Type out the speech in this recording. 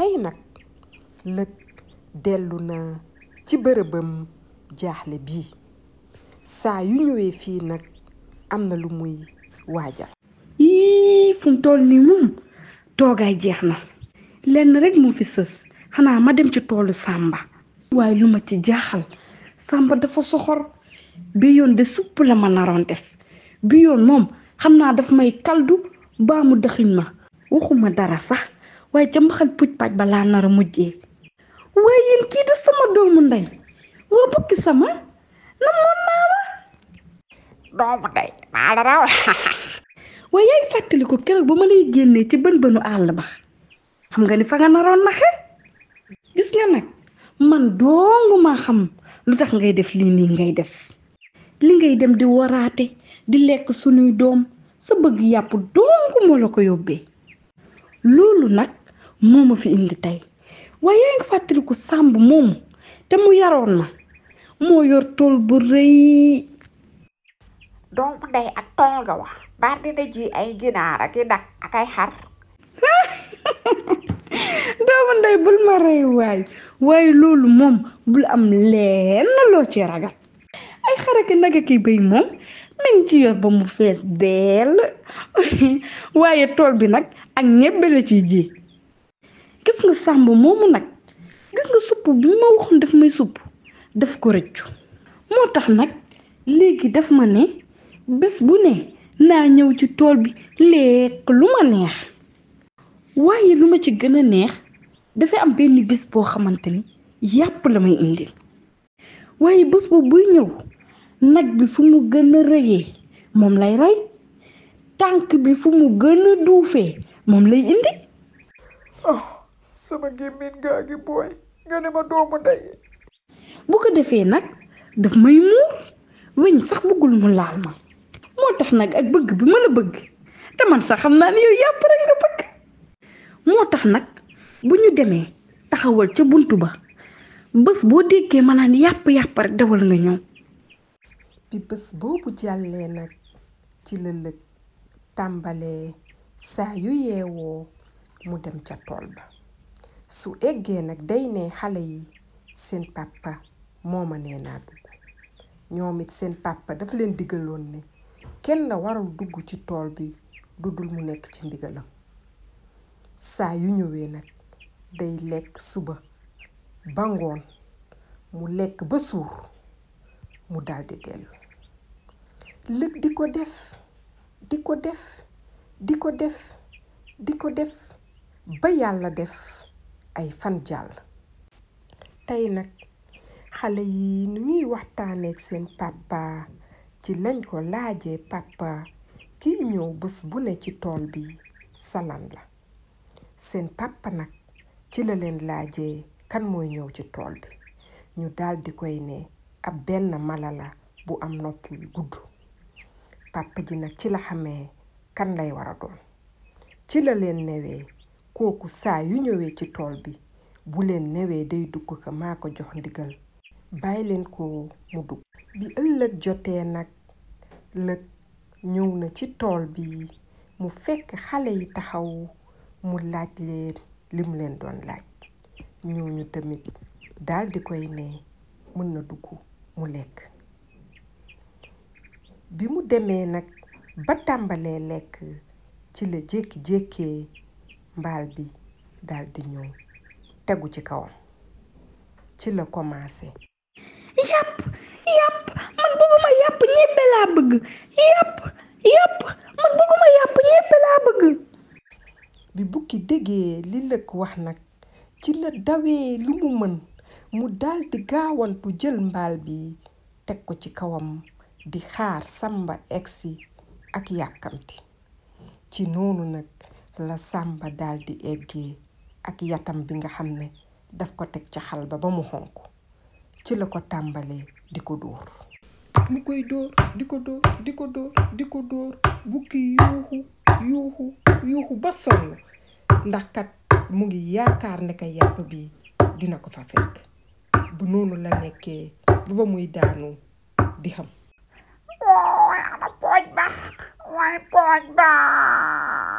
tey nag nag dellu na ci bërëbam jaaxle bii saa yu ñëwee fii nag am na lu muy waajal ii fu mu nii moom toogaay jeex na lenn rek moo fi sës xanaa ma dem ci toolu sàmba waaye lu ma ci jaaxal Samba dafa soxor bi yoon de supp la ma naroon def bi yoon moom xam naa dafa may kaldu baa mu dëxiñ ma waxuma dara sax waaye ca mbaxal puj paj balaa nar a mujjee waaye yéen kii du sama doomu ndey waa bukki sama na moon naa maa la raw waaye yaay fàttali ko keroog ba ma lay génnee ci bën bënu àll ba xam nga ni fa nga naroon naxe gis nga nag man doongu xam lu tax ngay def lii ngay def li ngay dem di waraate di lekk sunuy doom sa bëgg yàpp doongu la ko yóbbee loolu nag moo ma fi indi tey waaye yaa ngi sàmb moomu te mu yaroon na moo yor tool bu rëy. doomu ndey ak tool nga wax baar dina ji ay ginaar ak i nag ak ay xar. ci ragal ay xar ak i nag ak i béy moom. nañ ci yor ba mu fees dell waaye tool bi nag ak ñebbe la ci ji gis nga sàmb moomu nag gis nga supp bi ma waxoon daf may supp daf ko rëccu moo tax nag léegi daf ma ne bés bu ne naa ñëw ci tool bi lekk lu ma neex waaye lu ma ci gën a neex dafa am benn bés boo xamante ni yàpp la may indil waaye bés boobu buy ñëw nag bi fu mu gën a rëyee moom lay rey tànk bi fu mu gën a duufee moom lay indi oh. sama gémmiñ gaa ngi booy nga ne ma doomu ndey bu ko defee nag daf may muur weñ sax bëggul mu laal ma moo tax nag ak bëgg bi ma la bëgg te man sax xam naa ne yow yàpp nga bëgg moo tax nag bu ñu demee taxawal ca bunt ba bés boo déggee ma naan yàpp yàpp rek dawal nga ñëw bi bés boobu jàllee nag ci lëlëg tàmbalee saa yu yeewoo mu dem ca tool ba su eggee nag day ne xale yi seen papa mooma nee naa dugg ñoom it seen papa dafa leen diggaloon ne kenn warul dugg ci tool bi du dul mu nekk ci ndigalam saa yu ñëwee nag day lekk suba ba ngoon mu lekk ba suur mu daldi dellu lëg ko def di ko def di ko def di ko def ba yàlla def ay fan jàll tey nag xale yi nu ñuy waxtaaneek seen papa ci lañ ko laajee papa kiy ñëw bés bu ne ci tool bi salan la seen papa nag ci la leen laajee kan mooy ñëw ci tool bi ñu daldi koy ne ab benn malala bu am nopp yu gudd papa ji nag ci la xamee kan lay war doon ci la leen newee kooku saa yu ñëwee ci tool bi bu leen newee day dugg ko maa ko jox ndigal bàyyi leen ko mu dugg bi ëllëg jotee nag lëg ñëw na ci tool bi mu fekk xale yi taxaw mu laaj leen lim leen doon laaj ñu tamit daal di koy ne mën na dugg mu lekk bi mu demee nag ba tàmbalee lekk ci la jékki-jékkee mbaal bi daldi di tegu ci kawam ci la commencé yàpp yàpp man bëgguma yàpp ñebbe laa bëgg yàpp yàpp man bëgguma yàpp ñebbe laa bëgg bi bukki déggee li lëkk wax nag ci la dawee lu mu mën mu daal gaawantu jël mbaal bi teg ko ci kawam di xaar samba egsi ak yàkkamti ci noonu nag la sàmba daal di eggee ak yatam bi nga xam ne daf ko teg ca xal ba ba mu xonk ci la ko tàmbalee di ko dóor mu koy dóor di ko dóor di ko dóor di ko dóor bukki yuuxu yuuxu yuuxu ba sonn ndax kat mu ngi yaakaar ne ka yàpp bi dina ko fa fekk bu noonu la nekkee ba muy daanu di xam. waaye pooj ba waaye pooj ba